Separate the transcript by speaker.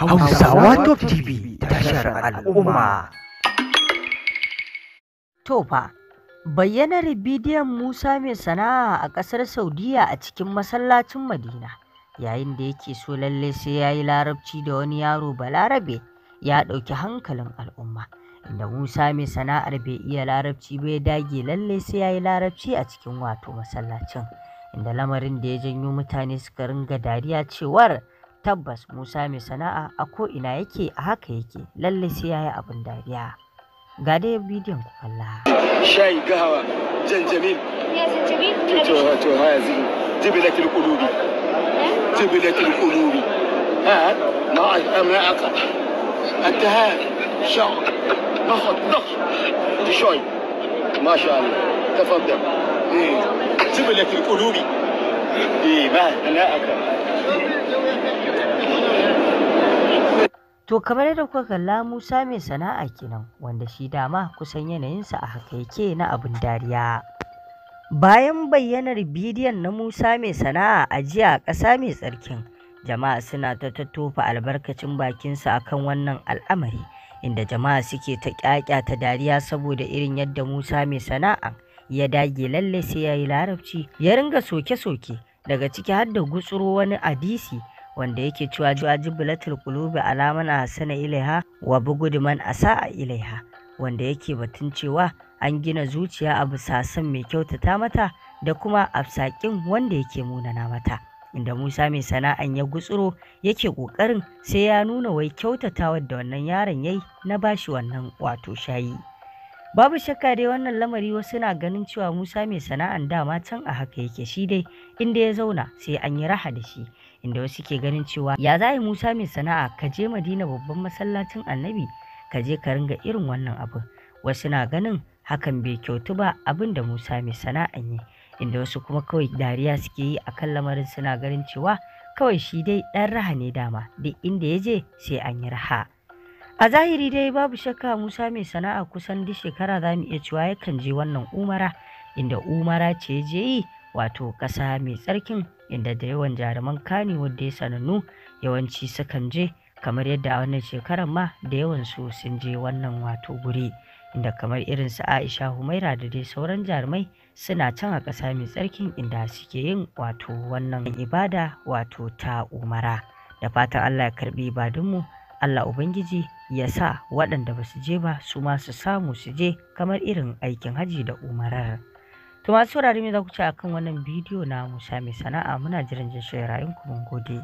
Speaker 1: Hausawa Top TV tashar al'umma. Tofa, bayyanar bidiyon Musa mai sana'a a ƙasar Saudiya a cikin masallacin Madina, yayin da yake so lalle sai ya yi larabci da wani yaro balarabe ya ɗauki hankalin al'umma. Inda Musa mai sana'ar bai iya larabci bai dage lalle sai ya yi larabci a cikin wato masallacin, inda lamarin da ya janyo mutane suka ringa dariya cewar. Tabbas Musa mai sana'a a ko'ina yake a haka yake lalle sai ya yi abin dariya. Ga dai bidiyon ku kalla.
Speaker 2: Shayi janjamin. To to eh? Ha ha
Speaker 1: To kamar yadda kuka kalla Musa mai sana'a kenan wanda shi dama kusan yanayinsa a haka yake na abin dariya. Bayan bayyanar bidiyon na Musa mai sana'a a jiya a ƙasa mai tsarkin, jama'a suna ta tattofa albarkacin bakinsa akan wannan al'amari inda jama'a suke ta ƙyaƙyata dariya saboda irin yadda Musa mai sana'a ya dage lalle sai ya yi larabci ya ringa soke-soke daga ciki har da gutsuro wani adisi, wanda yake cewa jiblatul kulubi alaman sana ilaiha wa buguduman a ilaiha wanda yake batun cewa an gina zuciya a bisa mai kyautata mata da kuma afsakin wanda yake munana mata inda Musa mai sana'an ya gutsuro yake kokarin sai ya nuna wai kyautata wadda wannan yaron yayi na bashi wannan wato shayi babu shakka dai wannan lamari wasu na ganin cewa musa mai sana'an dama can a haka yake shi dai inda ya zauna sai an yi raha da shi inda wasu ke ganin cewa ya za yi musa mai sana'a ka je madina babban masallacin annabi ka je ka ringa irin wannan abin wasu na ganin hakan bai kyautu ba abin da musa mai sana'an yi inda wasu kuma kawai dariya suke yi akan lamarin suna ganin cewa kawai shi dai ɗan raha ne dama duk inda ya je sai an yi raha A zahiri dai babu shakka Musa mai sana'a kusan duk shekara za mu iya cewa yakan je wannan umara inda umara ce je yi wato ƙasa mai tsarkin inda da yawan jaruman kani wanda ya sanannu yawanci sukan je kamar yadda a wannan shekarar ma da yawan su sun je wannan wato guri inda kamar irin su Aisha Humaira da dai sauran jarumai suna can a ƙasa mai tsarkin inda suke yin wato wannan ibada wato ta umara da fatan Allah ya karbi ibadunmu Allah Ubangiji ya sa waɗanda ba su je ba su ma su samu su je kamar irin aikin haji da umarar. To masu saurari za ku ci akan wannan bidiyo na Musa mai sana'a muna jiran jin shirayen kuma gode.